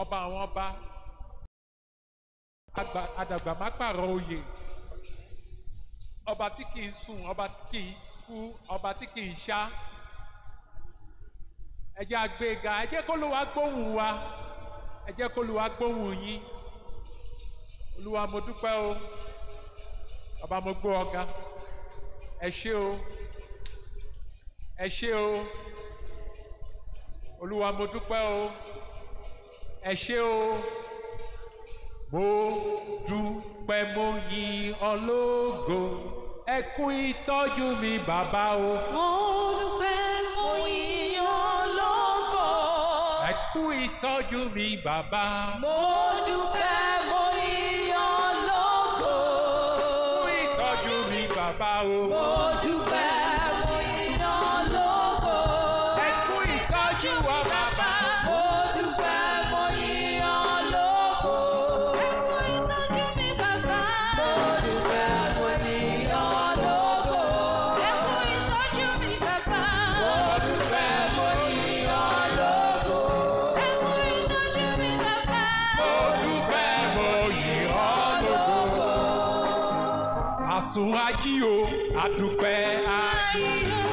ọba àwọn ọba àdàgbà má pààrọ̀ oyè ọba tí kì í sùn ọba tí kì í kú ọba tí kì í ṣá ẹ àgbéga ẹ kó ló wá gbóhùn wa ẹ kó ló wá gbóhùn yín olúwa mo dúpẹ́ o bàbá mo gbó ọ̀gá ẹ ṣé o ẹ ṣé o olúwa mo dúpẹ́ o ẹ ṣé o mo dúpẹ́ mo yìn ọlógo ẹ kú ìtọ́jú mi bàbá o. mo dúpẹ́ mo yìn ọlógo. ẹ kú ìtọ́jú mi bàbá. mo dúpẹ́ mo yìn ọlógo. ẹ kú ìtọ́jú mi bàbá o. mo dúpẹ́. quatro pés. Ai,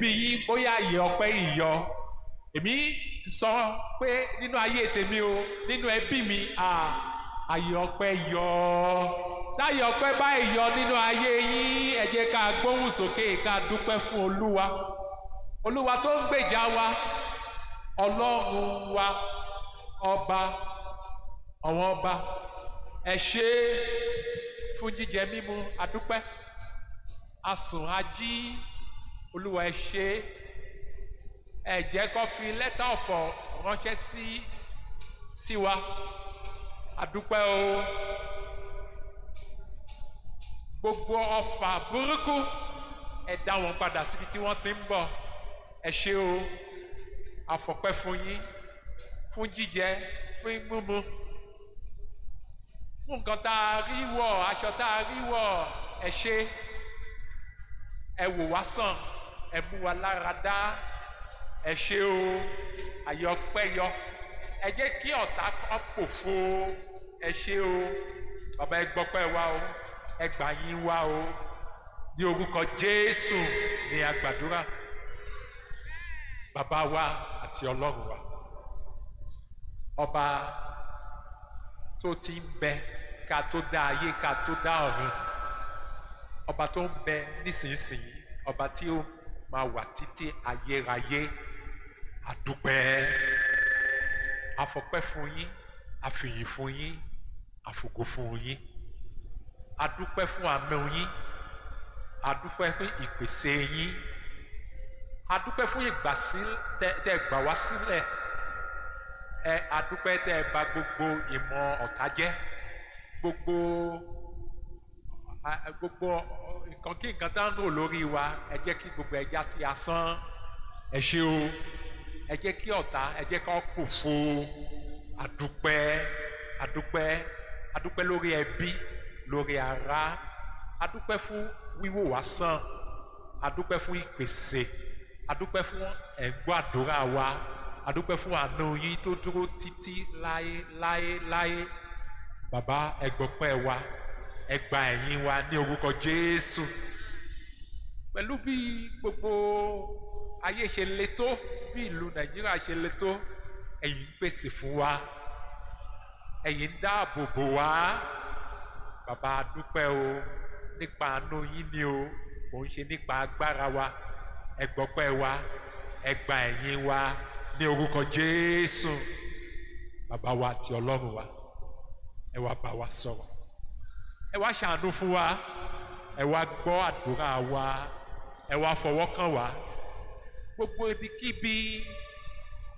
bí yín bóyá ìyẹ ọpẹ́ ìyọ èmi sọ pé nínú ayé tèmi o nínú ẹbí mi ayé ọpẹ́ yọ láyé ọpẹ́ báyìí yọ nínú ayé yín ẹ jẹ́ ká gbóhùn sókè ká dúpẹ́ fún olúwa olúwa tó ń gbèjà wa ọlọ́run wa ọba ọ̀wọ́n ọba ẹ fún jíjẹ mímu adúpẹ́ asùn ají. olúwa ẹ ṣe ẹ jẹ́ kó fi lẹ́tà ọ̀fọ̀ ránṣẹ́ sí sí wa àdúpẹ́ o gbogbo ọfà burúkú ẹ dá wọn padà síbi tí wọ́n ti ń bọ̀ ẹ ṣe o àfọ̀pẹ́ fún yín fún jíjẹ fún mímu fún nǹkan tá a rí wọ̀ aṣọ tá a rí wọ̀ ẹ ṣe ẹ wò wá sàn ẹ mú wa lára dá ẹ ṣe o àyọpẹyọ ẹ jẹ́ kí ọ̀tá ọpòfo ẹ ṣe o bàbá ẹ gbọpẹ́ wa o ẹ gbà yín wa o ní orúkọ Jésù ni a gbàdúrà bàbá wa àti Ọlọ́run wa ọba tó ti ń bẹ ká tó dá ayé ká tó dá ọ̀run ọba tó ń bẹ nísinsìnyí ọba tí ó ń máa wà títí ayérayé àdúpẹ́ àfọpẹ́ fún yín àfìyìn fún yín àfògo fún yín àdúpẹ́ fún àmọ́ yín àdúpẹ́ fún ìpèsè yín àdúpẹ́ fún ìgbà tẹ́ gbà wá sílẹ̀ ẹ àdúpẹ́ tẹ́ bá gbogbo ìmọ̀ ọ̀tá jẹ́ gbogbo gbogbo nǹkan kí nǹkan tán rò lórí wa ẹ jẹ́ kí gbogbo ẹ já sí asán ẹ ṣe o ẹ jẹ́ kí ọ̀tá ẹ jẹ́ kí ọkọ̀ fo àdúpẹ́ àdúpẹ́ àdúpẹ́ lórí ẹbí lórí ara àdúpẹ́ fún wíwò wá sàn àdúpẹ́ fún ìpèsè àdúpẹ́ fún ẹ̀gbọ́n àdúrà wa àdúpẹ́ fún àánú yín tó dúró títí láé láé láé bàbá ẹ̀gbọ́pẹ́ wa ẹ gba ẹ̀yìn wa ní orúkọ Jésù pẹ̀lú bí gbogbo ayé ṣe le tó bí ìlú Nàìjíríà ṣe le tó ẹ̀yin ń pèsè fún wa ẹ̀yin ń dáàbò bò wá bàbá dúpẹ́ o nípa àánú yín ni o kò ń ṣe nípa agbára wa ẹ gbọ́pẹ́ wa ẹ gba ẹ̀yìn wa ní orúkọ Jésù bàbá wa àti Ọlọ́run wa ẹ wá bá wa sọ̀rọ̀ ẹ wá ṣàánú fún wa ẹ wá gbọ́ àdúrà wa ẹ wá fọwọ́ kàn wá gbogbo ibikíbi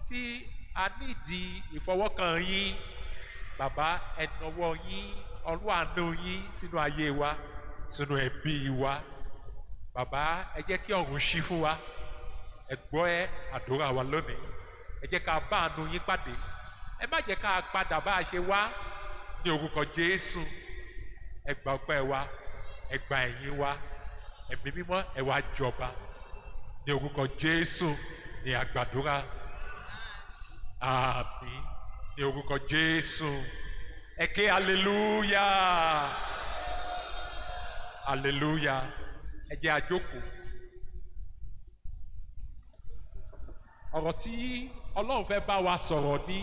tí a nídìí ìfọwọ́kàn yín bàbá ẹ yín ọlọ́ àánú yín sínú ayé wa sínú ẹbí wa bàbá ẹ jẹ́ kí ọ̀run ṣí fún wa ẹ gbọ́ ẹ àdúrà wa lónìí ẹ jẹ́ ká bá àánú yín pàdé ẹ má jẹ́ ká padà bá a ṣe wá ní orúkọ Jésù ẹ gba ọpẹ́ wa ẹ gba ẹ̀yìn wa ẹ̀mí mímọ́ ẹ wá jọba ní orúkọ Jésù ní àgbàdúrà àmín ní orúkọ Jésù ẹ ké aleluya aleluya ẹ jẹ́ a jókòó ọ̀rọ̀ tí Ọlọ́run fẹ́ bá wa sọ̀rọ̀ ní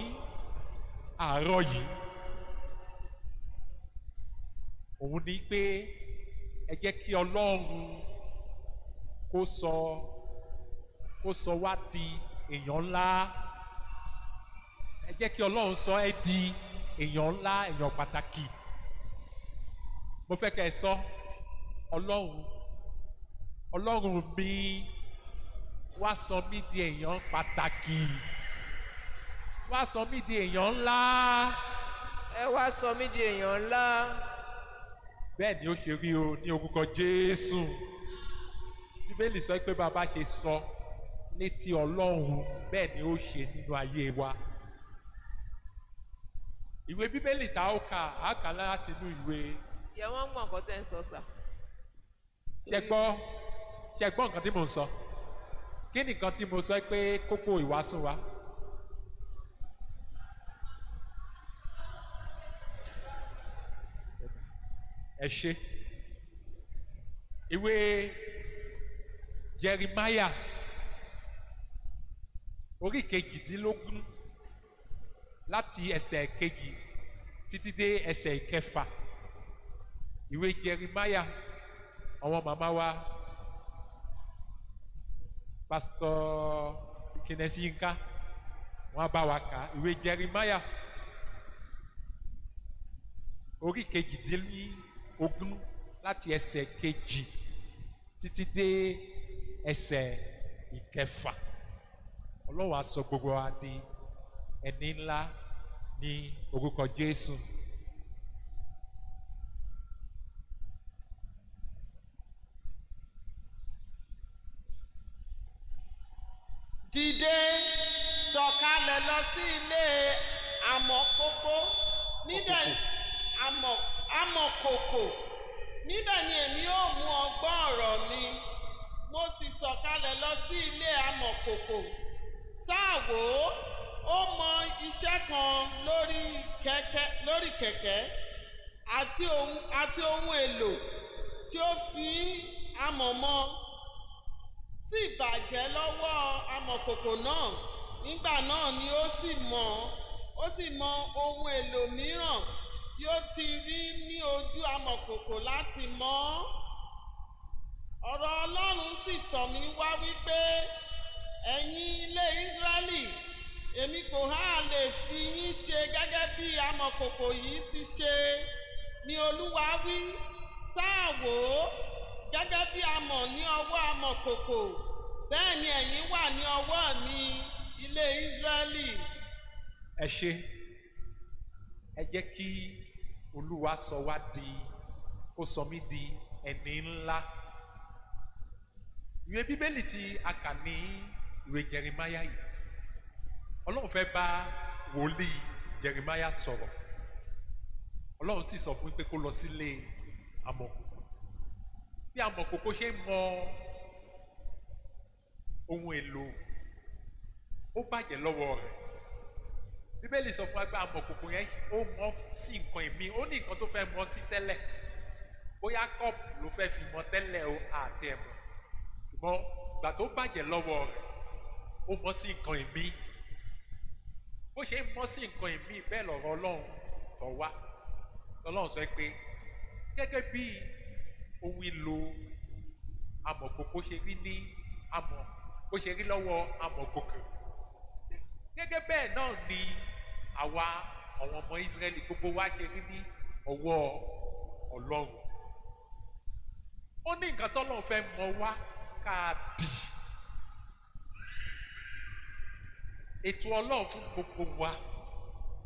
àárọ̀ yìí òun ni pé ẹ jẹ́ kí ọlọ́run kó sọ kó sọ wá di èèyàn ńlá ẹ jẹ́ kí ọlọ́run sọ ẹ di èèyàn ńlá èèyàn pàtàkì mo fẹ́ kẹ́ ẹ sọ ọlọ́run ọlọ́run mi wá sọ mí di èèyàn pàtàkì wá sọ mí di èèyàn ńlá. ẹ wá sọ mí di èèyàn ńlá bẹ́ẹ̀ ni ó ṣe rí o ní orúkọ Jésù bíbélì sọ pé bàbá ṣe sọ ní ti Ọlọ́run bẹ́ẹ̀ ni ó ṣe nínú ayé wa ìwé bíbélì tá ó kà á kà láti inú ìwé. ìyá wọn mọ nǹkan tẹ́ ń sọ sà. ṣe gbọ́ ṣe gbọ́ nǹkan tí mò ń sọ kí nìkan tí mo sọ pé kókó ìwàásù wa. ẹ ṣe ìwé jeremiah orí kejìdínlógún láti ẹsẹ̀ kejì títí dé ẹsẹ̀ ìkẹfà ìwé jeremiah àwọn màmá wa pásítọ̀ kìnẹsí yínká wọn bá wa kà ìwé jeremiah orí kejìdínlógún ogún láti ẹsẹ̀ kejì títí dé ẹsẹ̀ ìkẹfà ọlọ́wàá sọ gbogbo wa di ẹni ńlá ní orúkọ Jésù. dìde sọ̀kalẹ̀ lọ sí ilé àmọ̀kókó níbẹ̀ àmọ̀ amọ̀kòkò níbẹ̀ ni èmi ó mú ọgbọ́n ọ̀rọ̀ mi mo sì sọ̀kalẹ̀ lọ sí ilé amọ̀kòkò sáàwó ó mọ iṣẹ́ kan lórí kẹ̀kẹ́ lórí kẹ̀kẹ́ àti ohun àti ohun èlò tí ó fi amọ̀ mọ́ sì bàjẹ́ lọ́wọ́ amọ̀kòkò náà nígbà náà ni ó sì mọ̀ ó sì mọ ohun èlò mìíràn yóò ti rí ní ojú amọ̀kòkò láti mọ̀ ọ̀rọ̀ Ọlọ́run sì tọ̀ mí wá wípé ẹ̀yin ilé Ísírẹ́lì èmi kò há lè fi yín ṣe gẹ́gẹ́ bí amọ̀kòkò yìí ti ṣe ni Olúwa wí sáà wò ó gẹ́gẹ́ bí amọ̀ ní ọwọ́ amọ̀kòkò bẹ́ẹ̀ ni ẹ̀yin wà ní ọwọ́ mi ilé Ísírẹ́lì. ẹ ṣe ẹ jẹ́ kí olúwa sọ wá di ó sọ mí di ẹni ńlá ìwé bíbélì tí a kà ní ìwé jeremiah yìí ọlọ́run fẹ́ bá wòlíì jeremiah sọ̀rọ̀ ọlọ́run sì sọ fún pé kó lọ sílé amọ̀kòkò bí amọ̀kòkò ṣe ń mọ ohun èlò ó bàjẹ́ lọ́wọ́ rẹ̀ bíbélì sọ fún wa pé amọ̀kòkò yẹn ó mọ sí nǹkan ìmí ó ní nǹkan tó fẹ́ mọ sí tẹ́lẹ̀ bóyá kọ́ọ̀pù ló fẹ́ fi mọ tẹ́lẹ̀ o àti ẹ̀mọ̀ ṣùgbọ́n gbà tó bàjẹ́ lọ́wọ́ rẹ̀ ó mọ sí nǹkan ìmí bó ṣe ń mọ sí nǹkan ìmí bẹ́ẹ̀ lọ̀rọ̀ ọlọ́run tọ̀ wá lọ́lọ́run sọ pé gẹ́gẹ́ bí ohun ìlò amọ̀kòkò ṣe rí ní amọ̀ bó ṣe rí lọ́wọ́ amọ̀kòkò gẹ́gẹ́ bẹ́ẹ̀ náà ni àwa àwọn ọmọ Ísírẹ́lì gbogbo wa jẹ níní ọwọ́ Ọlọ́run ó ní nǹkan tọ́lọ́run fẹ́ mọ wá ká dì ètò Ọlọ́run fún gbogbo wa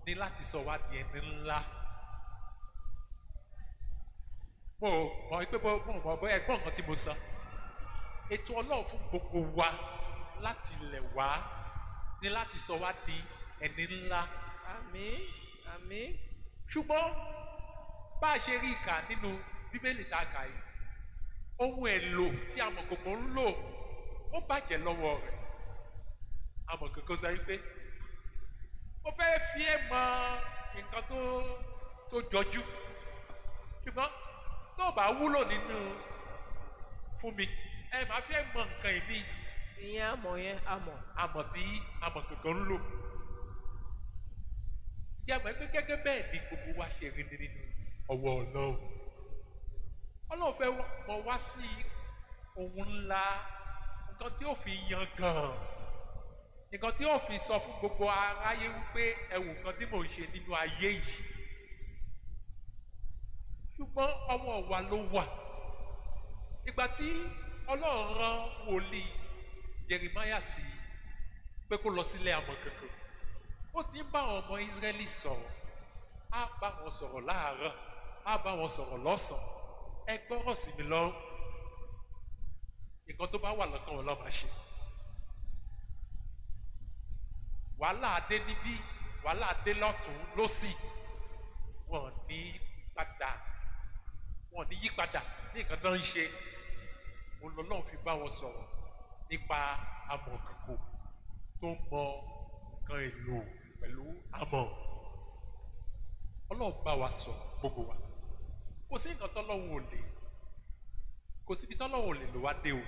ní láti sọ wá di ẹni ńlá mo mọ pé mo mọ bóyá ẹ̀gbọ́n nǹkan tí mo sọ ètò Ọlọ́run fún gbogbo wa láti lè wá ní láti sọ wá di ẹni ńlá. àmín àmín. ṣùgbọ́n bá a ṣe rí ìkà nínú bíbélì tá a kà yìí ohun èlò tí amọ̀kòkò ń lò ó bàjẹ́ lọ́wọ́ rẹ̀ amọ̀kòkò sọ wípé ó fẹ́ fi é mọ nǹkan tó tó jọjú ṣùgbọ́n tó bá wúlò nínú fún mi ẹ máa fi é mọ nǹkan ìmí ìyẹn amọ̀ yẹn amọ̀. amọ̀ tí amọ̀ kankan ń lò. ìyá àgbà pé gẹ́gẹ́ bẹ́ẹ̀ ni gbogbo wa ṣe rí nínú ọwọ́ ọlọ́run. ọlọ́run fẹ́ mọ wá sí ohun ńlá nǹkan tí ó fi yan gan-an nǹkan tí ó fi sọ fún gbogbo aráyé wípé ẹ̀wù kan tí mò ń ṣe nínú ayé yìí ṣùgbọ́n ọwọ́ wa ló wà ìgbà tí ọlọ́run rán wòlíì Jeremiah sí pé kó lọ sílé amọ̀ kankan ó ti ń bá àwọn ọmọ Israẹli sọ̀rọ̀ á bá wọn sọ̀rọ̀ láàárọ̀ á bá wọn sọ̀rọ̀ lọ́sàn-án ẹ gbọ́rọ̀ sí mi lọ́rùn nǹkan tó bá wà lọ́kàn wọn lọ́ọ́ máa ṣe wàhálà adé níbí wàhálà adé lọ́tún lọ́sì wọn ní padà wọn ní yípadà ní nǹkan tó ń ṣe òun fi bá wọn sọ̀rọ̀ nípa amọ̀kòkò tó mọ nǹkan èlò pẹ̀lú amọ̀ ọlọ́run bá wa sọ gbogbo wa kò sí nǹkan tọ́lọ́run ò lè kò síbi tọ́lọ́run ò lè lò wá dé o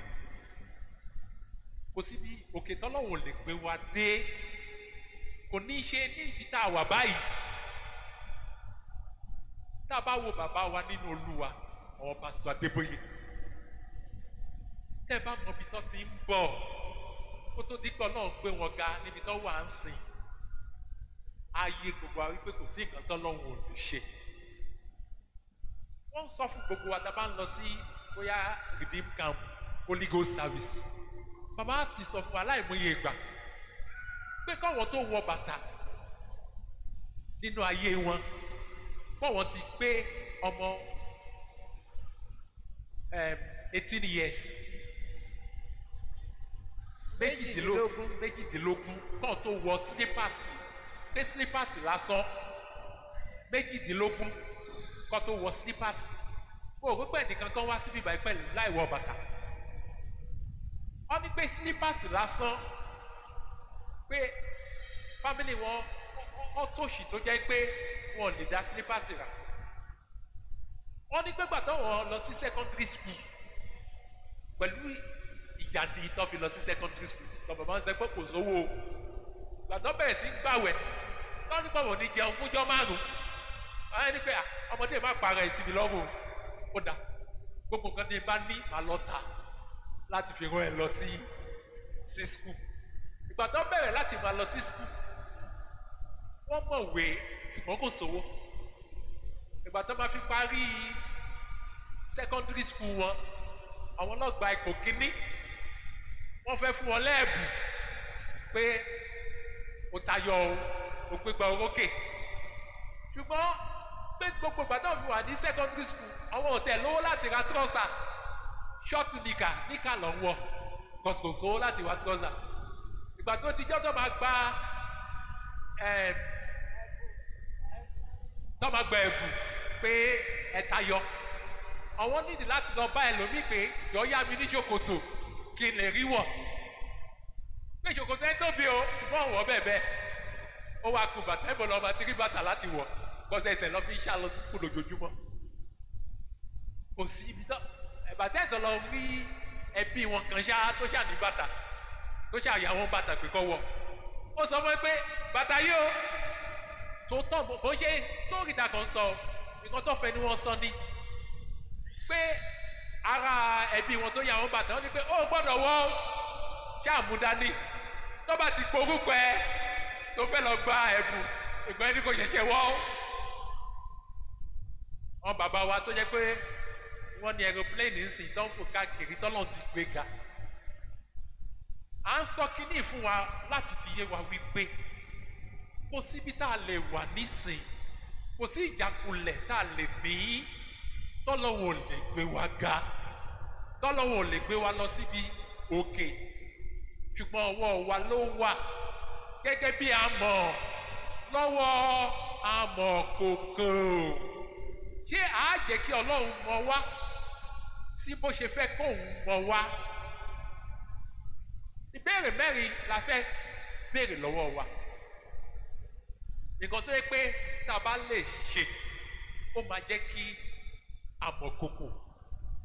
kò síbi òkè tọ́lọ́run ò lè gbé wa dé kò ní í ṣe ní ibi tá a wà báyìí tá a bá wo bàbá wa nínú olúwa ọ̀pásítọ̀ Adébóyè tẹ́ ẹ bá mọ ibi tán ti ń bọ̀ kó tó dípọ̀ náà gbé wọn ga níbi tán wà ń sìn ayé gbogbo wa wípé kò sí nǹkan tán lọ́hùn ò lè ṣe wọ́n sọ fún gbogbo wa tá ń lọ sí bóyá redeem camp Holy Ghost service bàbá ti sọ fún wa láìmọye ìgbà pé káwọn tó wọ bàtà nínú ayé wọn bọ́wọ́n ti pé ọmọ eh, eighteen years méjìdínlógún méjìdínlógún kàn tó wọ sílípàsì pé sílípàsì lásán méjìdínlógún kàn tó wọ sílípàsì òògùn pẹ̀ nìkan kan wá síbí ìbàyí pẹ̀lú láì wọ bàtà wọ́n ní pé sílípàsì lásán pé fámìlì wọn wọ́n tòṣì tó jẹ́ pé wọn lè dá sílípàsì rà wọ́n ní pé gbàtọ́ wọn lọ sí secondary school pẹ̀lú yàdí tó fi lọ sí secondary school lọ bàbá ń sẹ pé kò sówó o gbàtọ́ bẹ̀rẹ̀ sí gbàwẹ̀ lọ́nù pọ̀wọ̀ ní jẹun fúnjọ́ márùn-ún àwọn ẹni pé ọmọdé má para ìsinmi lọ́rùn ó dà gbogbo nǹkan tí bá ní màá lọ ta láti fi rán ẹ lọ sí sí school ìgbàtọ́ bẹ̀rẹ̀ láti máa lọ sí school wọ́n mọ̀wé ṣùgbọ́n kò sówó ìgbàtọ́ máa fi parí secondary school wọn àwọn ọlọ́gba ipò kínní wọ́n fẹ́ fún ọ lẹ́ẹ̀bù pé o tayọ o o gbégbá orókè ṣùgbọ́n pé gbogbo gbàdán fi wà ní secondary school àwọn ọ̀tẹ̀ lówó láti ra trọ́sà ṣọ́ọ̀tì nìkà nìkà lọ́ wọ̀ kọ̀sìkò lówó láti wá trọ́sà ìgbà tó di jọ́tọ̀ máa gba tọ́ máa gba ẹ̀bù pé ẹ tayọ àwọn nídìí láti lọ bá ẹlòmíì pé yọ̀ọ́ yá mi ní ṣòkòtò kí lè rí wọ̀ pé ṣòkòtò ẹ tóbi o ṣùgbọ́n wọ̀ bẹ́ẹ̀ ó wàá kú bàtà ẹ̀ bọ̀ lọ́ọ́ máa ti rí bàtà láti wọ̀ gbọ́sẹ̀ ẹsẹ̀ lọ́ fi ń ṣàlọ́ sí skul ojoojúmọ́ kò sí ibi tó bàtà ẹ̀ tó lọ rí ẹbí wọn kan ṣá tó ṣà ní bàtà tó ṣà yà wọn bàtà pé kọ́ wọ̀ ó sọ fún ẹ pé bàtà yìí o tó tọ̀ bó ṣe sítórì ta kan sọ nǹkan tó fẹ́ ni wọ́n sọ ni pé ara ẹbí wọn tó yà wọn bàtà wọn ni pé ó gbọ́dọ̀ wọ kí àmúdání tó bá ti porúkọ ẹ tó fẹ́ lọ gba ẹ̀bùn ìgbọ́n ẹni kò ṣẹ̀ṣẹ̀ wọ́ wọn bàbá wa tó jẹ́ pé wọ́n ní aeroplane ń sìn tó fò káàkiri tọ́lọ̀ ti gbé ga à ń sọ kínní fún wa láti fi yé wa wípé kò síbi tá a lè wà nísìn kò sí ìjákulẹ̀ tá a lè bí tọ́lọ́wọ̀n ò lè gbé wa ga tọ́lọ́wọ̀n ò lè gbé wa lọ síbi òkè ṣùgbọ́n ọwọ́ wa ló wà gẹ́gẹ́ bí amọ̀ lọ́wọ́ amọ̀ kòkò ṣé àá jẹ́ kí ọlọ́run mọ̀ wá sí bó ṣe fẹ́ kóun mọ̀ wá ìbéèrè mẹ́rin la fẹ́ béèrè lọ́wọ́ wa nǹkan tó yẹ pé tá a bá lè ṣe ó máa jẹ́ kí àmọ̀kòkò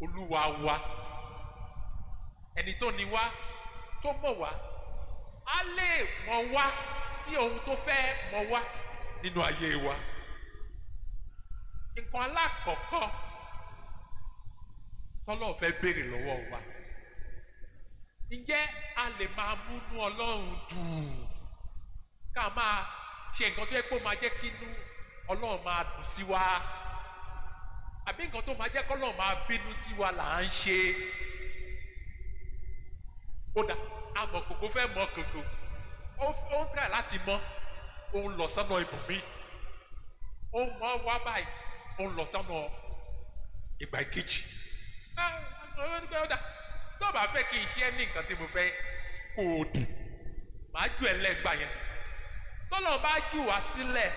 olúwa wa ẹni tó ní wá tó mọ̀ wá á lè mọ̀ wá sí ohun tó fẹ́ mọ̀ wá nínú ayé wa nǹkan alákọ̀ọ́kọ́ tọ́lọ́ fẹ́ béèrè lọ́wọ́ wa ǹjẹ́ a lè máa múnú ọlọ́run dùn ká máa ṣe nǹkan tó yẹ kó máa jẹ́ kínú ọlọ́run máa dùn sí wa àbí nǹkan tó máa jẹ́ kọ́lọ́ máa bínú sí wa là ń ṣe ó dà amọ̀kòkò fẹ́ mọ kòkò ó ń tẹ̀ láti mọ ó ń lọ sọ́nà ibòmíì ó ń mọ wá báyìí ó ń lọ sọ́nà ìgbà kejì ó dà tó bá fẹ́ kí n ṣe ní nǹkan tí mo fẹ́ kó o dùn màá ju ẹ lẹ́gbàá yẹn tọ́lọ́ bá jù wá sílẹ̀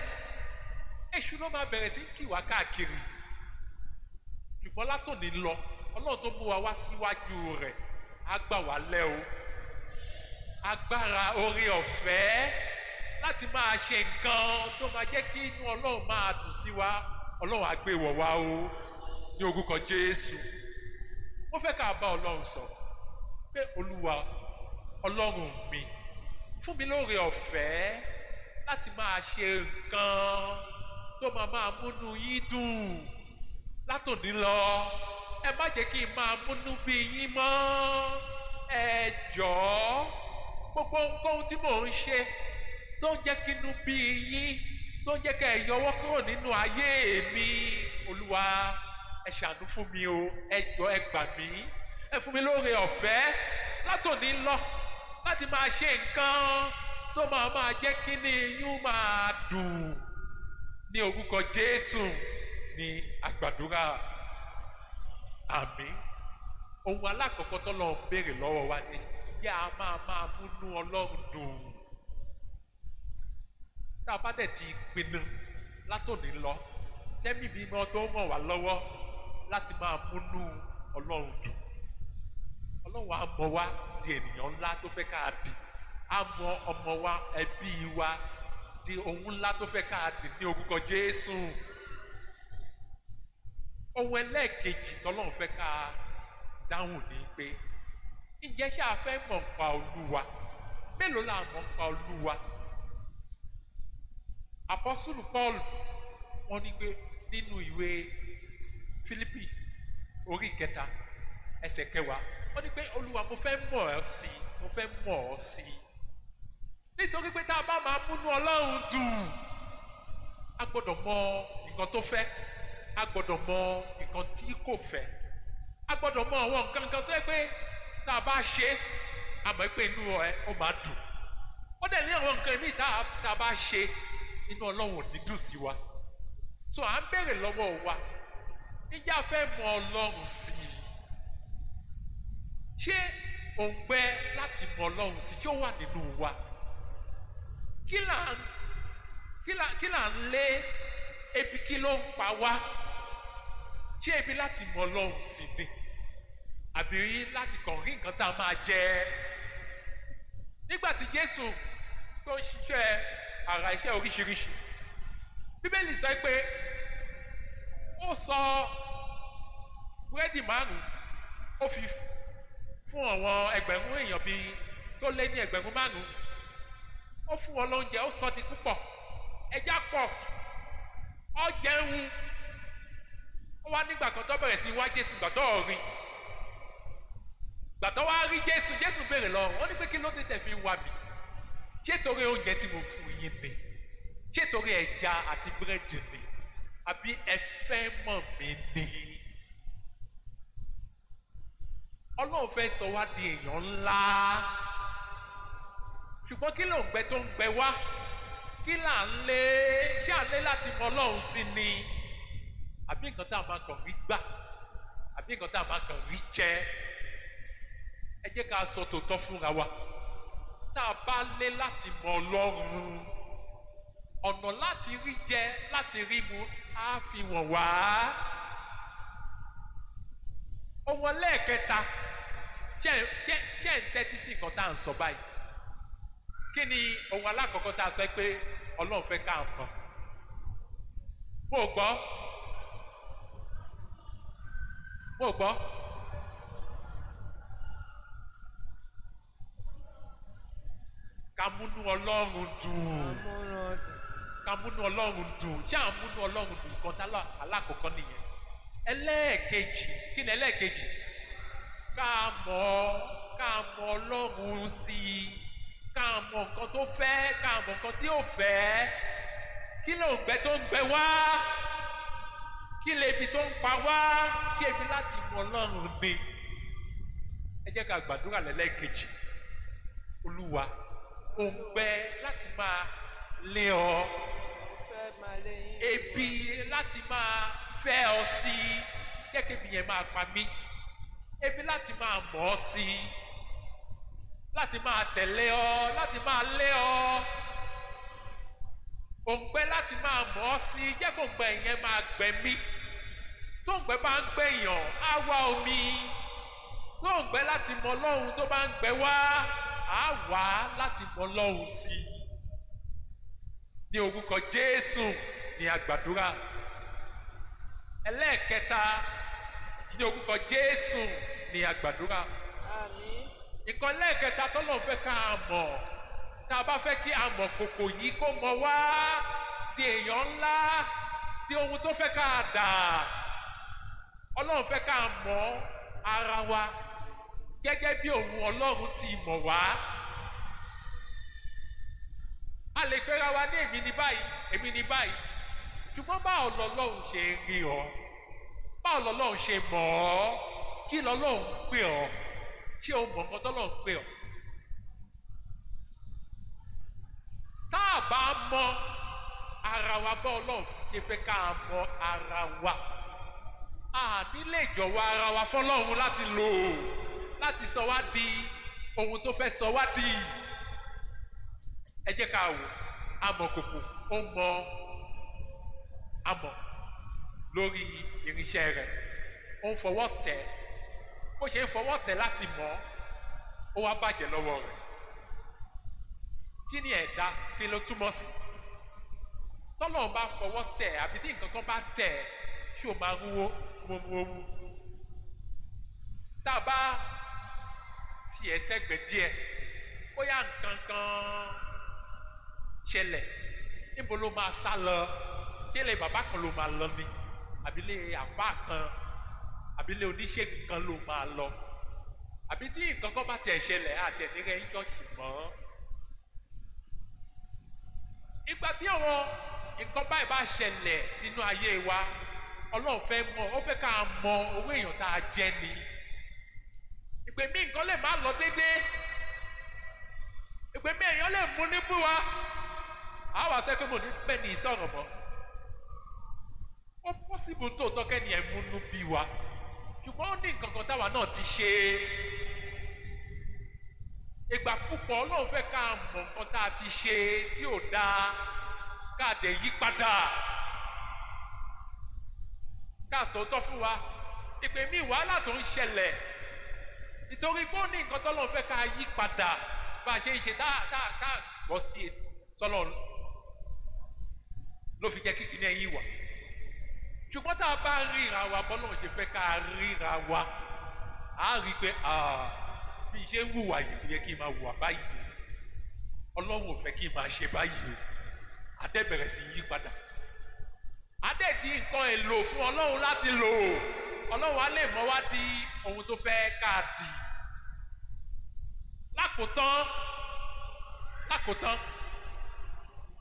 èṣù ló máa bẹ̀rẹ̀ sí tì káàkiri ṣùgbọ́n látòní lọ ọlọ́run tó mú wa wá síwájú rẹ̀ á gbà wá lẹ́ o agbára orí ọ̀fẹ́ láti máa ṣe nǹkan tó máa jẹ́ kí inú ọlọ́run máa dùn sí wa ọlọ́run á gbé o ní orúkọ jésù ó fẹ́ ká bá ọlọ́run sọ pé olúwa ọlọ́run mi fún mi lóore ọ̀fẹ́ láti máa ṣe nǹkan tó máa máa múnú yín dùn látòdì lọ ẹ má jẹ́ kí n máa múnú bí yín mọ́ ẹ jọ̀ọ́ gbogbo nǹkan tí mò ń ṣe tó ń jẹ́ kí inú bí yín tó ń jẹ́ kí ẹ yọwọ́ kúrò nínú ayé mi olúwa ẹ ṣàánú fún mi o ẹ jọ̀ọ́ ẹ gbà mí ẹ fún mi lóore ọ̀fẹ́ látòdì lọ láti máa ṣe nǹkan tó máa máa jẹ́ kí ni yín máa dùn ní orúkọ Jésù ni àgbàdúrà àmì ohun alákọ̀ọ́kọ́ tọ́lọ́ ń béèrè lọ́wọ́ wa ni kí a máa máa múnú ọlọ́run dùn tá a bá dẹ̀ ti pinnu látòní lọ tẹ́mì mi mọ́ tó ràn wá lọ́wọ́ láti máa múnú ọlọ́run dùn ọlọ́run á mọ wá di ènìyàn ńlá tó fẹ́ ká di á mọ ọmọ wa ẹbí wa di ohun ńlá tó fẹ́ ká di ní orúkọ Jésù ohun ẹlẹ́ẹ̀kejì tọ́lọ́run fẹ́ ká dáhùn ní pé ǹjẹ́ ṣé a fẹ́ mọ̀ nípa olúwa mélòó la mọ̀ nípa olúwa apọ́sùlù paul wọ́n ní pé nínú ìwé Fílípì orí kẹta ẹsẹ̀ kẹwàá wọ́n ní pé olúwa mo fẹ́ mọ̀ ọ́ sí i mo fẹ́ mọ̀ ọ́ sí i nítorí pé tá a bá máa múnú ọlọ́run dùn a gbọ́dọ̀ mọ nǹkan tó fẹ́ a gbọ́dọ̀ mọ nǹkan tí kò fẹ́ a gbọ́dọ̀ mọ àwọn nǹkan kan tó yẹ pé tá a bá ṣe àmọ́ pé inú ẹ ó máa dùn ó dẹ̀ ní àwọn nǹkan míì tá a bá ṣe inú ọlọ́run ò ní dùn sí wa so à ń béèrè lọ́wọ́ wa níjà fẹ́ mọ ọlọ́run sí i ṣé òǹgbẹ láti mọ ọlọ́run sí yóò wà nínú wa kí là ń lé ebi kí ló ń pa wá ṣé ebi láti mọ Ọlọ́run sí ni àbí láti kàn rí nǹkan tá a máa jẹ nígbà tí Jésù tó ń ṣiṣẹ́ àrà iṣẹ́ oríṣiríṣi Bíbélì sọ pé ó sọ búrẹ́dì márùn-ún ó fi fún àwọn ẹgbẹ̀rún èèyàn bíi tó lé ní ẹgbẹ̀rún márùn-ún ó fún wọn lóúnjẹ ó sọ di púpọ̀ ẹja pọ̀ ọjẹun ó wá nígbà kan tó bẹ̀rẹ̀ sí wá jésù gbà tó rí gbà tó wá rí jésù jésù béèrè lọ wọ́n ní pé kí ló dé tẹ̀ fi wá bì ṣé torí oúnjẹ tí mo fún yín ni ṣé torí ẹja àti búrẹ́dì ni àbí ẹ fẹ́ mọ̀ mí ni ọlọ́run fẹ́ sọ wá di èèyàn ńlá ṣùgbọ́n kí ló ń gbẹ tó ń gbẹ wá kí là ń lé ṣé à ń lé láti mọ ọlọ́run sí ni àbí nǹkan tá a máa kàn rí gbà àbí nǹkan tá a máa kàn rí jẹ ẹ jẹ́ ká sọ tòótọ́ fúnra wa tá a bá lé láti mọ ọlọ́run ọ̀nà láti rí jẹ láti rí mu á fi wọ̀n wá ohun ẹlẹ́ẹ̀kẹta ṣé ń tẹ́tí sí nǹkan tá à ń sọ báyìí kí ni ohun alákọ̀ọ́kọ́ tá a sọ pé ọlọ́run fẹ́ ká nǹkan mo gbọ́ mo gbọ́. kàmúnú ọlọ́run dùn kàmúnú ọlọ́run dùn ṣé àmúnú ọlọ́run dùn nǹkan tá alákọ̀ọ́kọ́ nìyẹn ẹlẹ́ẹ̀kejì kí ni ẹlẹ́ẹ̀kejì ká mọ̀ ká mọ̀ ọlọ́run sí i ká mọ̀ nǹkan tó fẹ́ ká mọ̀ nǹkan tí ò fẹ́ kí ló ń gbẹ tó ń gbẹ wá kí lebi tó ń pa wá ṣé ebi láti mọ Ọlọ́run ni ẹ jẹ́ ká gbàdúrà lẹ́lẹ́kejì Olúwa ò ń gbẹ láti máa lé ọ ebi láti máa fẹ́ ọ sí jẹ́ kébi yẹn máa pa mí ebi láti máa mọ̀ ọ sí i láti máa tẹ̀lé ọ láti máa lé ọ òǹgbẹ láti máa mọ̀ ọ́ sí jẹ́ kó òǹgbẹ yẹn máa gbẹ̀mí tó òǹgbẹ bá ń gbẹ̀yàn á wá omi tó òǹgbẹ láti mọ Ọlọ́run tó bá ń gbẹ wá á wá láti mọ Ọlọ́run sí i ní orúkọ Jésù ní àgbàdúrà ẹlẹ́ẹ̀kẹta ní orúkọ Jésù ní àgbàdúrà. Àmín nǹkan lẹ́ẹ̀kẹta tọ́lọ̀ fẹ́ ká a mọ̀ tá a bá fẹ́ kí a mọ̀ kòkò yìí kó mọ wá di èèyàn ńlá di ohun tó fẹ́ ká a dà ọlọ́run fẹ́ ká a mọ̀ ara wa gẹ́gẹ́ bí òun ọlọ́run ti mọ̀ wá a lè pera wa ní èmi ní báyìí èmi ní báyìí ṣùgbọ́n báwo lọ́lọ́run ṣe rí ọ báwo lọ́lọ́run ṣe mọ̀ ọ́ kí lọ́lọ́run pè ọ́ ṣé o mọ̀ nǹkan tọ́lọ̀ ń pè ọ́ tá a bá mọ ara wa bá ọlọ́run ṣe fẹ́ ká a mọ ara wa àní lè jọ̀wọ́ ara wa fọlọ́run láti lò ó láti sọ wá di ohun tó fẹ́ sọ wá di ẹ jẹ́ ká wò amọ̀kòkò ó mọ amọ̀ lórí irinṣẹ́ rẹ̀ ó ń fọwọ́ tẹ̀ bó ṣe ń fọwọ́ tẹ̀ láti mọ̀ ó wá bàjẹ́ lọ́wọ́ rẹ̀ kí ni ẹ̀dá kí ló túmọ̀ sí tọ́lọ́run bá fọwọ́ tẹ̀ àbí tí nǹkan kan bá tẹ̀ ṣé o máa ń wó wọ́wọ́wọ́ tá a bá tiẹ̀ sẹ́gbẹ̀ díẹ̀ bóyá nǹkan kan ṣẹlẹ̀ níbo ló máa sá lọ délé bàbá kan ló máa lọ ni àbílẹ̀ àfa kan àbí ilé oníṣègùn kan ló máa lọ àbí tí nǹkan kan bá tiẹ̀ ṣẹlẹ̀ àtẹ̀lẹ́rẹ́ ń yọ̀ṣì mọ́. ìgbà tí àwọn nǹkan báyìí bá ṣẹlẹ̀ nínú ayé wa ọlọ́run fẹ́ mọ̀ ó fẹ́ ká mọ̀ owó èèyàn tá a jẹ́ ni ìpè mí nǹkan lè má lọ déédéé ìpè mí èèyàn lè mú níbú wa àá wá sẹ́kẹ́ mọ̀ ní bẹ́ẹ̀ ni ìsọ̀rọ̀ mọ́ ó pọ́sibú tó tọ́kẹ́ ni ẹ̀ múnú bí wa ṣùgbọ́n ó ní nǹkan kan táwa náà ti ṣe ìgbà púpọ̀ ọlọ́run fẹ́ ká mọ̀ nǹkan tá a ti ṣe tí ò dáa ká dẹ̀ yí padà ká sòótọ́ fún wa ìpè mí wàhálà tó ń ṣẹlẹ̀ nítorí pé ó ní nǹkan tọ́lọ́run fẹ́ ká yí padà bá a ṣe ń ṣe tá a gbọ́ sí etí tọ́lọ́run ló fi jẹ́ kíkì ní ẹ̀yìn wà ṣùgbọ́n tá a bá ríra wa bọ́lá òun ṣe fẹ́ ká ríra wa á rí i pé bí ṣe ń wùwà yìí kò yẹ kí n máa wùwà báyìí ọlọ́run ò fẹ́ kí n máa ṣe báyìí àdẹ́bẹ̀rẹ̀ sí yí padà àdẹ́ẹ̀dì nǹkan èlò fún ọlọ́run láti lò ọlọ́run á lè mọ́ wá di ohun tó fẹ́ ká di lákòótán lákòótán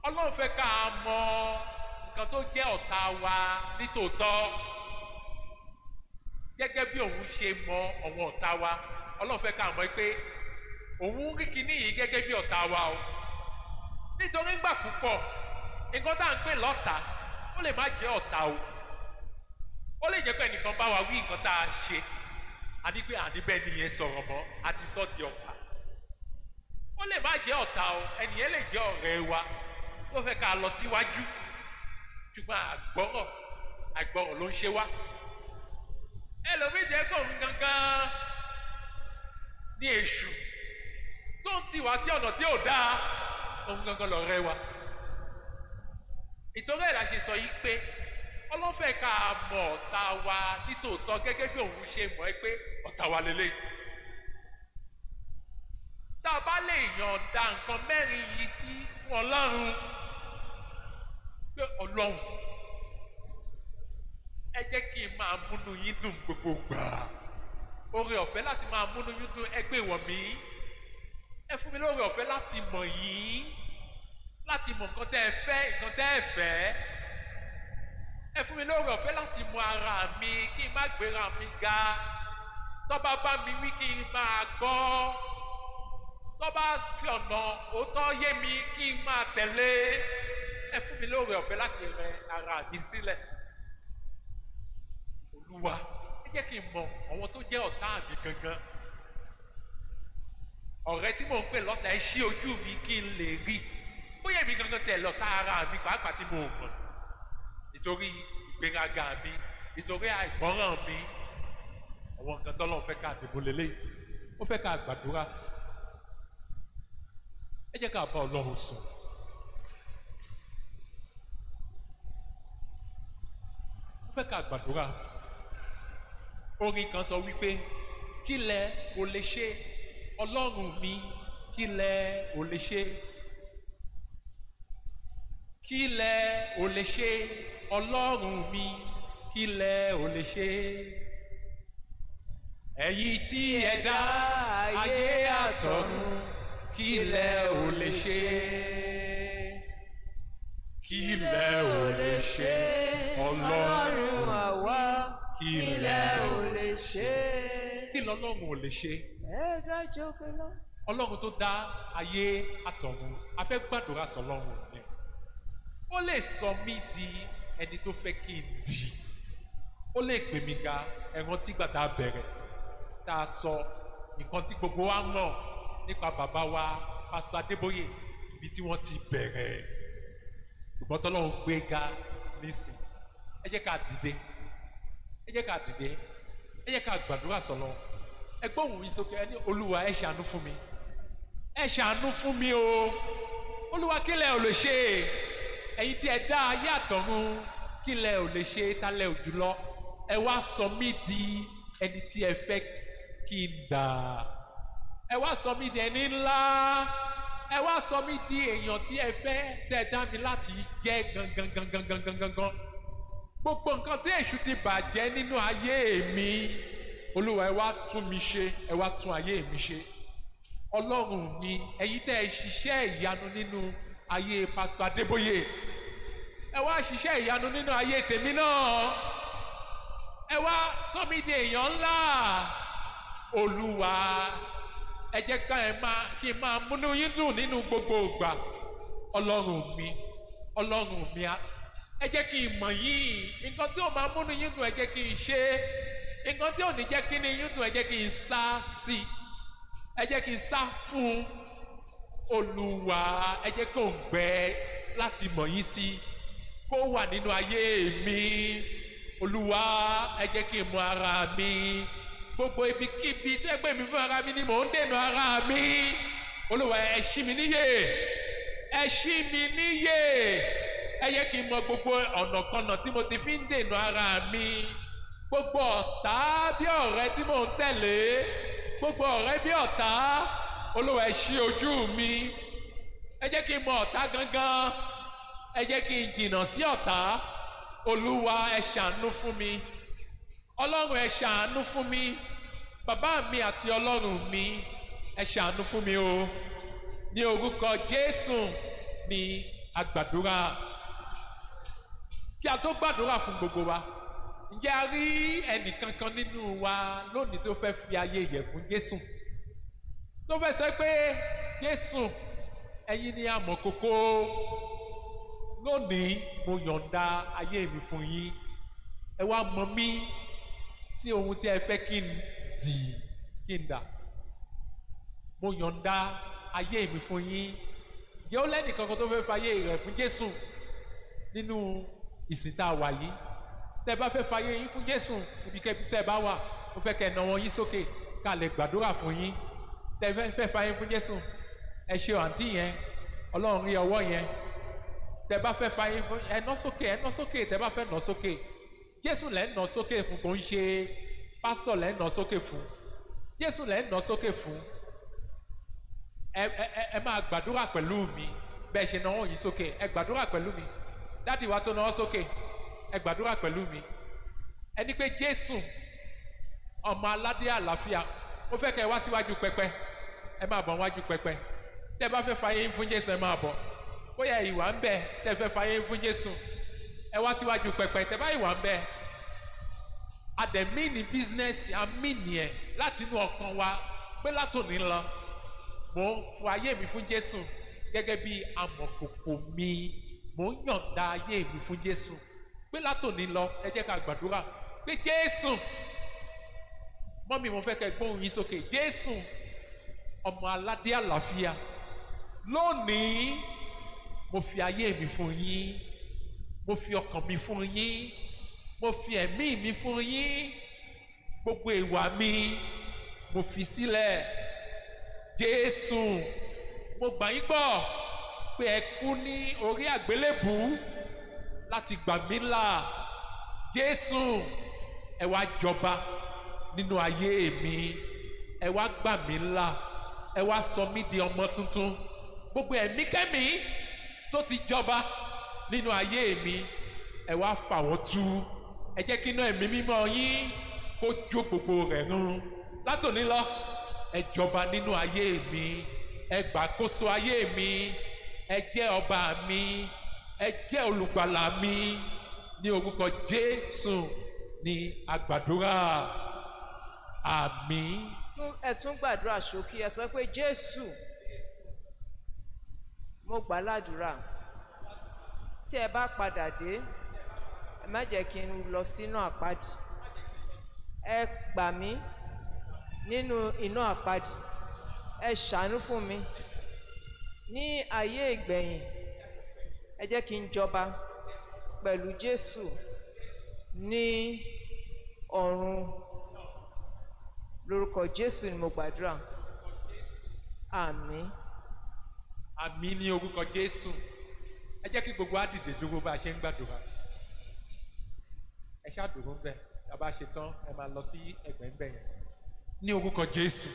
ọlọ́run fẹ́ ká mọ́ kan tó jẹ́ ọ̀tá wa nítòótọ́ gẹ́gẹ́ bí òun ṣe mọ àwọn ọ̀tá wa ọlọ́run fẹ́ ká mọ̀ pé òun rí kinní yìí gẹ́gẹ́ bí ọ̀tá wa o nítorí ńgbà púpọ̀ nǹkan tá à ń pè lọ́tà ó lè má jẹ́ ọ̀tá o ó lè jẹ́ pé ẹnìkan bá wa wí nǹkan tá a ṣe àní pé àní bẹ́ẹ̀ nìyẹn sọ̀rọ̀ mọ́ àti sọ́ di ọ̀tá ó lè má jẹ́ ọ̀tá o ẹnìyẹn lè jẹ́ ọ̀rẹ́ wa ló fẹ́ ká lọ síwájú. Si ṣùgbọ́n àgbọ́rọ̀ àgbọ́rọ̀ ló ń ṣe wá ẹlòmíì jẹ́ kó gangan ní èṣù tó ń tì wá sí ọ̀nà tí ò dáa òun gangan lọ rẹ wa ìtọ́jú ẹ̀ la ṣe sọ yìí pé ọlọ́fẹ́ ká mọ̀ ọ̀tá wa nítòótọ́ gẹ́gẹ́ bí òun ṣe mọ̀ ẹ́ pé ọ̀tá wa lélẹ́yìí tá a bá lè yàn da nǹkan mẹ́rin yìí sí fún ọlọ́run pé ọlọ́run ẹ jẹ́ kí n máa múnú yín dùn gbogbo gbà oore ọ̀fẹ́ láti máa múnú yín dùn ẹgbẹ́ ìwọ̀ mi ẹ fún mi lóore ọ̀fẹ́ láti mọ̀ yín láti mọ̀ nǹkan tẹ́ ẹ fẹ́ nǹkan tẹ́ ẹ fẹ́ ẹ fún mi lóore ọ̀fẹ́ láti mọ ara mi kí n má gbéra mi ga tọ́ba bá mi wí kí n máa gbọ́ tọ́ba fi ọ̀nà òótọ́ yé mi kí n máa tẹ̀lé ẹ fún mi lóore ọ̀fẹ́ láti rẹ ara mi sílẹ̀ olúwa ẹ jẹ́ kí n mọ àwọn tó jẹ́ ọ̀tá mi gangan ọ̀rẹ́ tí mò ń pè lọ́tà ẹ ṣí ojú mi kí n lè rí bóyá èmi gangan tẹ̀ lọ́tà ara mi pàápàá tí mo mọ̀ nítorí ìgbéraga mi nítorí àìgbọ́ràn mi àwọn nǹkan tọ́lọ́ fẹ́ ká àdìbò lélẹ́yìn ó fẹ́ ká gbàdúrà ẹ jẹ́ ká bá ọlọ́run sọ̀rọ̀. fẹ́ ká gbàdúrà orin kan sọ wípé kí lẹ o lè ṣe ọlọ́run mi kí lẹ o lè ṣe kí lẹ o lè ṣe ọlọ́run mi kí lẹ o lè ṣe ẹ̀yin tí ẹ dá ayé àtọ̀run kí lẹ o lè ṣe kí lẹ o lè ṣe ọlọ́run àwa kí lẹ ò lè ṣe. kí lọ́lọ́run ò lè ṣe. ẹ gájọ kí lọ. ọlọ́run tó dá ayé àtọ̀run a fẹ́ gbàdúrà sọlọ́run rẹ̀ ó lè sọ mí di ẹni tó fẹ́ kí n di ó lè gbé mi ga ẹran tígbà tá a bẹ̀rẹ̀ tá a sọ nǹkan tí gbogbo wa mọ̀ nípa bàbá wa pásítọ̀ Adébóyè ibi tí wọ́n ti bẹ̀rẹ̀ ṣùgbọ́n tọ́lọ́run gbé ga nísìn ẹ jẹ́ ká dìde ẹ jẹ́ ká dìde ẹ jẹ́ ká gbàdúrà sọ̀lọ́ ẹ gbóhùn mi sókè ẹ ní olúwa ẹ ṣàánú fún mi ẹ ṣàánú fún mi o olúwa kí lẹ ò lè ṣe ẹ̀yin tí ẹ dá ayé àtọ̀run kí lẹ ò lè ṣe talẹ ò jùlọ ẹ wá sọ mí di ẹni tí ẹ fẹ́ kí n gbà ẹ wá sọ mí di ẹni ńlá ẹ wá sọ mí di èèyàn tí ẹ fẹ́ tẹ dá mi láti jẹ́ gangan gangan gangan gangan gbogbo nǹkan tí èṣù ti bàjẹ́ nínú ayé mi olúwa ẹ wá tún mi ṣe ẹ wá tún ayé mi ṣe ọlọ́run ni ẹ̀yin tẹ́ ẹ ṣiṣẹ́ ìyanu nínú ayé pásítọ̀ adébóyè ẹ wá ṣiṣẹ́ ìyanu nínú ayé tèmi náà ẹ wá sọ mí di èèyàn ńlá olúwa ẹ jẹ́ ká ẹ máa kí n máa múnú yín dùn nínú gbogbo ìgbà ọlọ́run mi ọlọ́run mi á ẹ jẹ́ kí n mọ̀ yìí nǹkan tí ò máa múnú yín dùn ẹ jẹ́ kí n ṣe nǹkan tí ò ní jẹ́ kí ni yín dùn ẹ jẹ́ kí n sá sí i ẹ jẹ́ kí n sá fún olùwà ẹ jẹ́ kí òun gbẹ láti mọ̀ yín sí kó wà nínú ayé mi olùwà ẹ jẹ́ kí n mọ ara mi gbogbo ibikíbi tó ẹgbẹ́ mi fún ara mi ni mò ń dènà ara mi olùwà ẹ ṣí mi níyè ẹ ṣí mi níyè ẹ yẹ kí n mọ gbogbo ọ̀nàkọ́nà tí mo ti fi ń dènà ara mi gbogbo ọ̀tá bí ọ̀rẹ́ tí mò ń tẹ̀lé gbogbo ọ̀rẹ́ bí ọ̀tá olúwa ṣí ojú mi ẹ jẹ́ kí n mọ ọ̀tá gangan ẹ jẹ́ kí n jìnnà sí ọ̀tá olúwa ẹ ṣàánú fún mi ọlọ́run ẹ ṣàánú fún mi bàbá mi àti ọlọ́run mi ẹ ṣàánú fún mi o ní orúkọ jésù ni àgbàdúrà kí a tó gbàdúrà fún gbogbo wa ǹjẹ́ a rí ẹnìkankan nínú wa lónìí tó fẹ́ fi ayé yẹ̀ fún Jésù tó fẹ́ sọ pé Jésù ẹ̀yin ni a mọ̀ kókó lónìí mo yọ̀ǹda ayé mi fún yín ẹ wá mọ̀ mí sí ohun tí ẹ fẹ́ kí n dì kí n dà mo yọ̀ǹda ayé mi fún yín ǹjẹ́ ó lẹ́nìkankan tó fẹ́ fi ayé rẹ̀ fún Jésù nínú ìsìn tá a wà yìí tẹ́ bá fẹ́ fàyè yín fún Jésù ibikẹ́bi tẹ́ bá wà mo fẹ́ kẹ́ nà wọ́n yín sókè ká lè gbàdúrà fún yín tẹ́ fẹ́ fẹ́ fàyè fún Jésù ẹ ṣe àǹtí yẹn Ọlọ́run rí ọwọ́ yẹn tẹ́ bá fẹ́ fàyè fún ẹ nà sókè ẹ nà sókè tẹ́ bá fẹ́ nà sókè Jésù lẹ́ nà sókè fún kò ń ṣe pásítọ̀ lẹ́ nà sókè fún Jésù lẹ́ nà sókè fún ẹ ẹ ẹ máa gbàdúrà pẹ̀lú mi bẹ́ẹ̀ ṣe nà wọ́n yín sókè ẹ gbàdúrà pẹ̀lú mi dáàdì wa tó náwó sókè ẹ gbàdúrà pẹ̀lú mi ẹni pé jésù ọmọ aládé àlàáfíà mo fẹ́ kẹ́ ẹ wá síwájú pẹpẹ ẹ máa bọ̀ wájú pẹpẹ tẹ́ ẹ bá fẹ́ fàyè fún jésù ẹ máa bọ̀ bóyá ìwà ń bẹ tẹ́ ẹ fẹ́ fàyè fún jésù ẹ wá síwájú pẹpẹ tẹ́ ẹ bá ìwà ń bẹ àdẹ̀mí ni bísínẹ́sì àmì nìyẹn láti inú ọkàn wa pé látòní lọ mo ń mi fún jésù gẹ́gẹ́ bí amọ̀kòkò mi mò ń yọ̀ǹda ayé mi fún Jésù pé látòní lọ ẹ jẹ́ ká gbàdúrà pé Jésù mọ́mí mo fẹ́ kẹ́ gbóhùn yín sókè Jésù ọmọ aládé àlàáfíà lónìí mo fi ayé mi fún yín mo fi ọkàn mi fún yín mo fi ẹ̀mí mi fún yín gbogbo ìwà mi mo fi sílẹ̀ Jésù mo gbà yín gbọ́ pé ẹ kú ní orí àgbélébù láti gbà mí là Jésù ẹ wá jọba nínú ayé mi ẹ wá gbà mí là ẹ wá sọ mí di ọmọ tuntun gbogbo ẹ̀mí kẹ́mi tó ti jọba nínú ayé mi ẹ wá fà wọ́n tú ẹ jẹ́ kí iná ẹ̀mí mímọ́ yín kó jó gbogbo rẹ̀ run látòní lọ ẹ jọba nínú ayé mi ẹ gbàkóso ayé mi ẹ jẹ́ ọba mi ẹ jẹ́ olùgbàlà mi ní orúkọ Jésù ní àgbàdúrà àmín. ẹ tún gbàdúrà ṣókí ẹ sọ pé Jésù mo gbà ládùúrà tí ẹ bá padà dé ẹ má jẹ́ kí n lọ sínú àpáàdì ẹ gbà mí nínú iná àpáàdì ẹ ṣàánú fún mi ní ayé ìgbẹ̀yìn ẹ jẹ́ kí n jọba pẹ̀lú Jésù ní ọ̀run lórúkọ Jésù ni mo gbàdúrà àmín. àmín ní orúkọ Jésù ẹ jẹ́ kí gbogbo á dìde dúró bá a ṣe ń gbàdúrà ẹ ṣáà dúró ń bẹ tá a bá ṣe tán ẹ máa lọ sí ẹgbẹ́ ń bẹ̀ ní orúkọ Jésù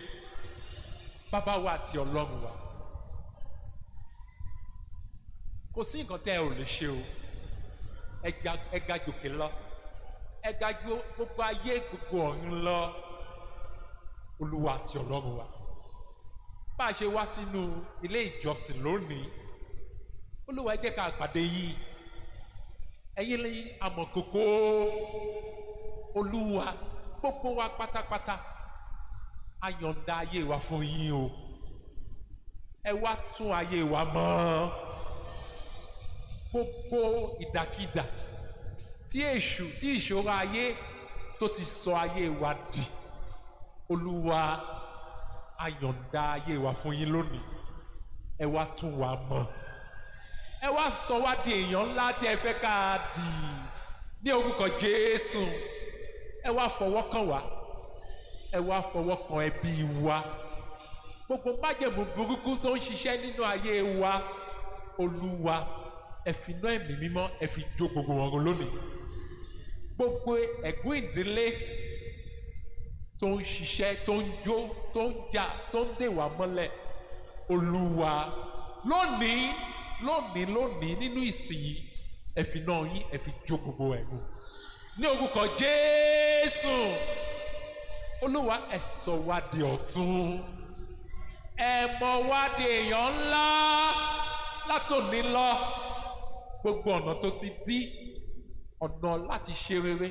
bàbá wa àti ọlọ́run wa. kò sí nǹkan tẹ́ ẹ ò lè ṣe o ẹ ga jòkè lọ ẹ ga ju gbogbo ayé gbogbo ọ̀run lọ olúwa àti ọlọ́run wa bá a ṣe wá sínú ilé ìjọsìn lónìí olúwa ẹ jẹ́ ká pàdé yìí ẹ̀yin lè amọ̀kòkò olúwa gbogbo wa pátápátá a ayé wa fún yín o ẹ wá tún ayé wa mọ́ ọ́ gbogbo ìdàkidà tí èṣù tí ìṣòro ayé tó ti sọ ayé wa di olúwa ayọ̀ǹda ayé wa fún yín lónìí ẹ wá tún wa mọ̀ ẹ wá sọ wá di èèyàn ńlá tí ẹ fẹ́ ká di ní orúkọ Jésù ẹ wá fọwọ́ kàn wá ẹ wá fọwọ́ kàn ẹbí wa gbogbo májèmú burúkú tó ń ṣiṣẹ́ nínú ayé wa olúwa ẹ̀fì náà ẹ̀mí mímọ́ ẹ̀fì jó gbogbo wọn lónìí gbogbo ẹ̀gún ìdílé tó ń ṣiṣẹ́ tó ń jó tó ń jà tó ń dèwà mọ́lẹ̀ olúwa lónìí lónìí lónìí nínú ìsìn yìí ẹ̀fì yín ẹ̀fì jó gbogbo ẹ̀gún ní orúkọ Jésù olúwa ẹ sọ di ọ̀tun ẹ mọ di èèyàn ńlá látòní lọ gbogbo ọ̀nà tó ti dí ọ̀nà láti ṣe rere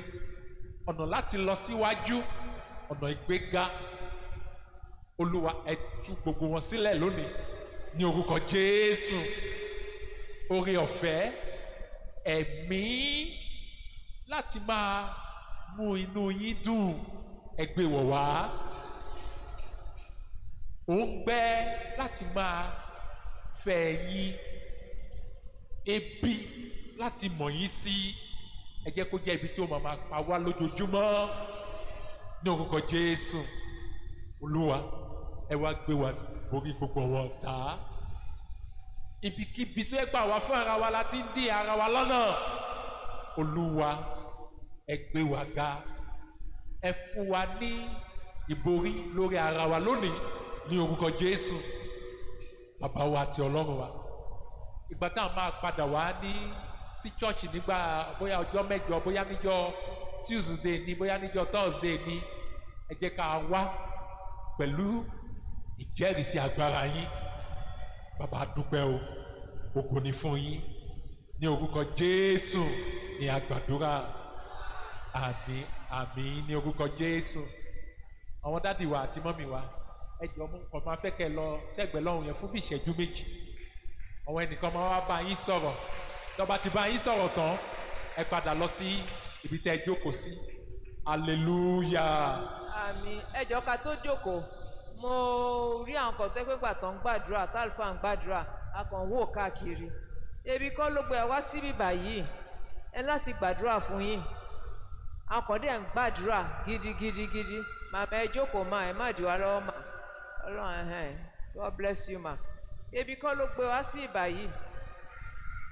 ọ̀nà láti lọ síwájú ọ̀nà ìgbéga olúwa ẹ tú gbogbo wọn sílẹ̀ lónìí ní orúkọ jésù oore ọ̀fẹ́ ẹ̀mí láti máa mú inú yín dùn ẹ gbé wọ̀ wá gbẹ́ láti máa fẹ́ yín ebi láti mọ̀ yín sí ẹ jẹ́ kó jẹ́ ibi tí ó máa máa pa wá lójoojúmọ́ ní orúkọ Jésù Olúwa ẹ wá gbé wa borí gbogbo ọwọ́ ọ̀tá ibikíbi tó ẹ gbà wá fún ara wa la ti ń dí ara wa lọ́nà Olúwa ẹ gbé wa ga ẹ fún wa ní ìborí lórí ara wa lónìí ní orúkọ Jésù bàbá wa àti Ọlọ́run wa ìgbà tá a máa padà wá ní sí chọ́ọ̀chì nígbà bóyá ọjọ́ mẹ́jọ bóyá níjọ́ tuesday ni bóyá níjọ́ thursday ni ẹ jẹ́ ká wá pẹ̀lú ìjẹ́rìísí agbára yín bàbá dúpẹ́ o ògo ni fún yín ní orúkọ jésù ni àgbàdúrà àmín àmín ní orúkọ jésù àwọn dádì wa àti mọ́mì wa ẹ jọ mú nǹkan máa fẹ́ kẹ́ lọ sẹ́gbẹ̀ẹ́ lọ́hùn yẹn fún bí ìṣẹ́jú méjì àwọn ẹnìkan máa wá bá yín sọ̀rọ̀ tọ́ba ti bá yín sọ̀rọ̀ tán ẹ padà lọ sí ibi tẹ́ ẹ jókòó sí hallelujah. àmín ẹjọ́ ká tó jókòó mo rí àwọn kan tẹ́ pé gbàtàn ń gbàdúrà tálífà ń gbàdúrà a kàn wò káàkiri ebi kọ́ ló gbé wá síbí báyìí ẹ láti gbàdúrà fún yín a kàn dẹ̀ ń gbàdúrà gidigidigidi màmá ẹ jókòó ma ẹ má dìwà lọ́wọ́ ma ọlọ́run ẹ̀hẹ́n God bless you ma ebi kọ́ ló gbé wá sí ibà yìí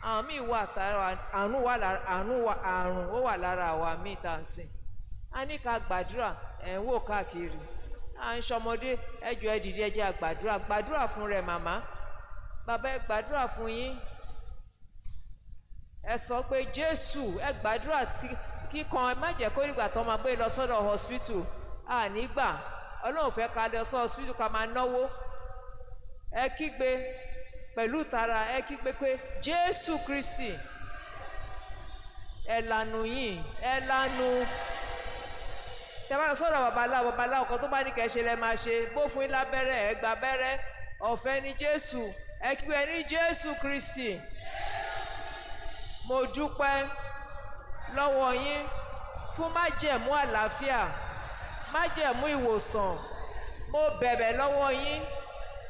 àwọn míì wà tára àrùn wà lára àrùn wà àrùn ó wà lára àwa míì tá à ń sìn a ní ká gbàdúrà ẹ̀ ń wò káàkiri à ń ṣọmọdé ẹjọ́ ẹ dìde ẹjẹ́ àgbàdúrà gbàdúrà fún rẹ̀ màmá bàbá ẹ gbàdúrà fún yín ẹ sọ pé Jésù ẹ gbàdúrà kíkan ẹ má jẹ́ kó nígbà tó máa gbé lọ sọ́dọ̀ hospital àní gbà Ọlọ́run fẹ́ ká lọ sọ hospital ká máa náwó ẹ kígbe pẹ̀lú ìtara ẹ kígbe pé Jésù Kristi ẹ lanu yìí ẹ lanu tẹ bá sọ̀rọ̀ babaláwo babaláwo kan tó bá ní kẹ́ ṣe lẹ́ máa ṣe bó fún yín lábẹ́rẹ́ ẹ gba abẹ́rẹ́ ọ̀fẹ́ ni Jésù ẹ kígbe ní Jésù Kristi mo dúpẹ́ lọ́wọ́ yín fún májẹ̀mú àlàáfíà májẹ̀mú ìwòsàn mo bẹ̀bẹ̀ lọ́wọ́ yín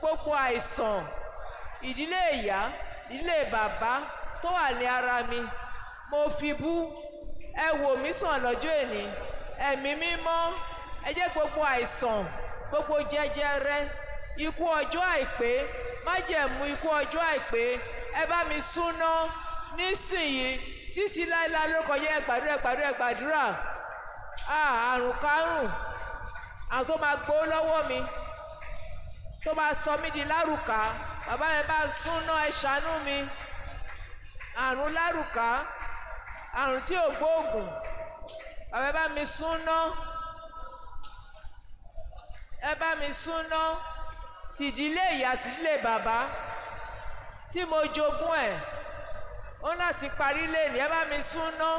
gbogbo àìsàn ìdílé ìyá ìdílé bàbá tó wà ní ara mi mo fi bú ẹ wò mí sàn lọ́jọ́ èní ẹ̀mí mímọ́ ẹ jẹ́ gbogbo àìsàn gbogbo jẹjẹrẹ ikú ọjọ́ àìpé májẹ̀mú ikú ọjọ́ àìpé ẹ bá mi súná nísìnyí títí láéláé lórúkọ yẹ gbàdúrà gbàdúrà gbàdúrà ah, àrùn kárùn àwọn tó máa gbó lọ́wọ́ mi tó máa sọ mí di lárùkà bàbá yẹn bá súnná ẹ ṣàánú mi àrùn lárùkà àrùn tí ò gbóògùn bàbá yẹn bá mi súnná ẹ bá mi súnná tìdílé ìyá tìdílé bàbá tí mo jogún ẹ ó náà ti parí lé ní ẹ bá mi súnná.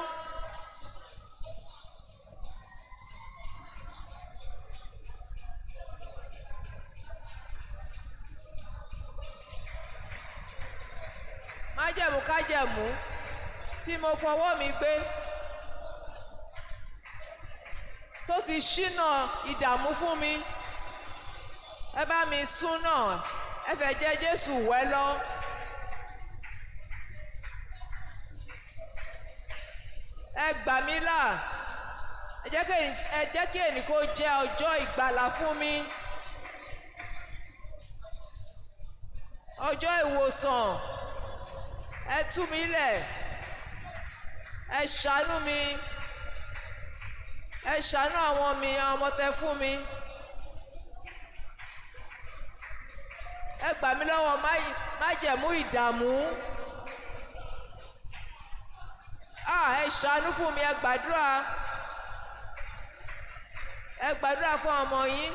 májẹ̀mú kájẹ̀mú tí mo fọwọ́ mi gbé tó ti ṣínà ìdààmú fún mi ẹ bá mi sún náà ẹ fẹ́ jẹ́ Jésù wẹ́ lọ. ẹ gbà mí là ẹ jẹ́ kí ènì kó jẹ́ ọjọ́ ìgbàlà fún mi. ọjọ́ ìwòsàn ẹ tú mi lẹ̀ ẹ ṣàánú mi ẹ ṣàánú àwọn mi àwọn ọmọ tẹ fún mi ẹ gbà mí lọ́wọ́ májẹ̀mú ìdààmú ẹ ṣàánú fún mi ẹ gbàdúrà ẹ gbàdúrà fún ọmọ yín.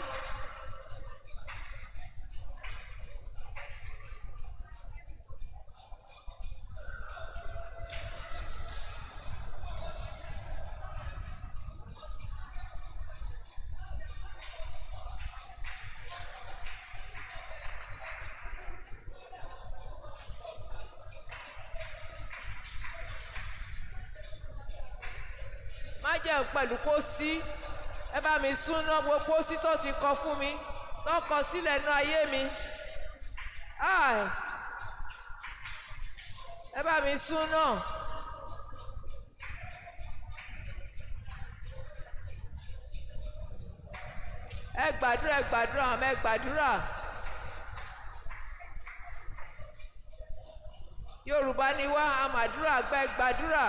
sí ẹ bá mi súná gbogbo sí tó ti kọ fún mi tó kọ sílẹ̀ nú ayé mi ẹ bá mi súná. ẹ gbàdúrà ẹ gbàdúrà àmọ́ ẹ gbàdúrà Yorùbá ni wá àmàdúrà gbẹ gbàdúrà.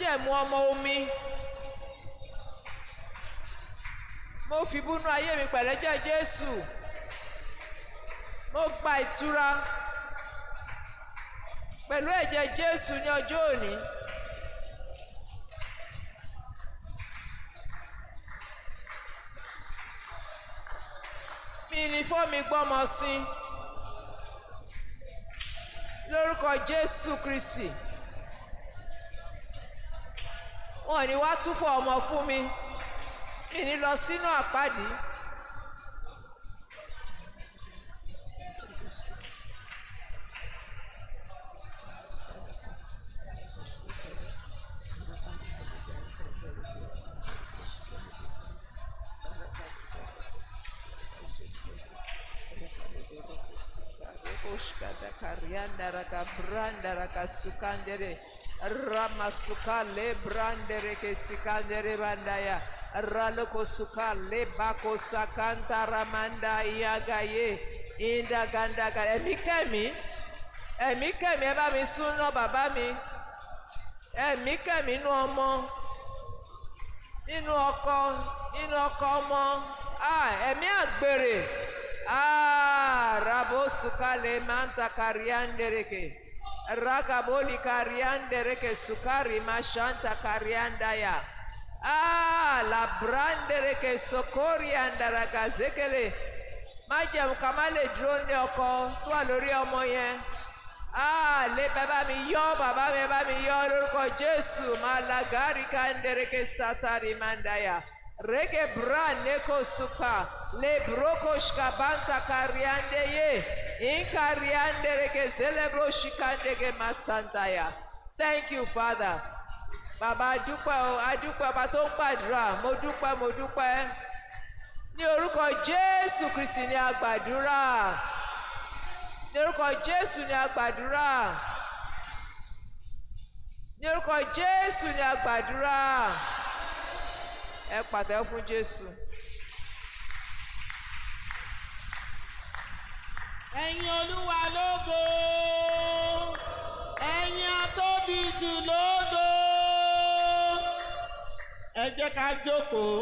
májẹ̀mú ọmọ omi mo fi búnú ayé mi pẹ̀lẹ́jẹ̀ Jésù mo gba ìtura pẹ̀lú ẹ̀jẹ̀ Jésù ní ọjọ́ òní. mi ni fọ́mi gbọ́mọ sí lórúkọ Jésù Kristi. Oh, ní wá túfọ̀ ọmọ fún mi mi ní lọ sínú àpáàdì. Koshka da karyanda raka branda raka sukandere. ramasuka lebrandere kesikandere bandaya ralokosuka lebakosakanta ramanda yagaye indagandaga ẹ̀mí kẹ́mi ẹ̀mí kẹ́mi ẹ bá mi súná bàbá mi ẹ̀mí kẹ́mi inú ọmọ inú ọkọ inú ọkọ ọmọ ẹ̀mí ah, àgbèrè ah, rabosuka lè máa ń takari yá ń rakaboli kariande reke sukari mashanta ya. ah, labrande reke sokorianda rakazekele májẹ̀mú ká má drone yoko ní ọkọ tó wà lórí ọmọ yẹn ah, àlè bàbá mi bàbá bàbá Jésù màlágàrí kàndéréke sátárì mandaya. ń Regebra neko suka le broko shkabanta kariande ye in kariande rege celebro shikandege masanta ya. Thank you, Father. Bàbá dúpẹ́ o, adúpẹ́ bàbá tó ń gbàdúrà, mo dúpẹ́, mo dúpẹ́. Eh. Ní orúkọ Jésù Kristì ni a gbàdúrà. Ní orúkọ Jésù ni a gbàdúrà. Ní orúkọ ni a ẹ pàtẹ́wọ́ fún Jésù. ẹ̀yin Olúwa lógo ẹ̀yin atóbi jù lógo ẹ jẹ́ ká jókòó.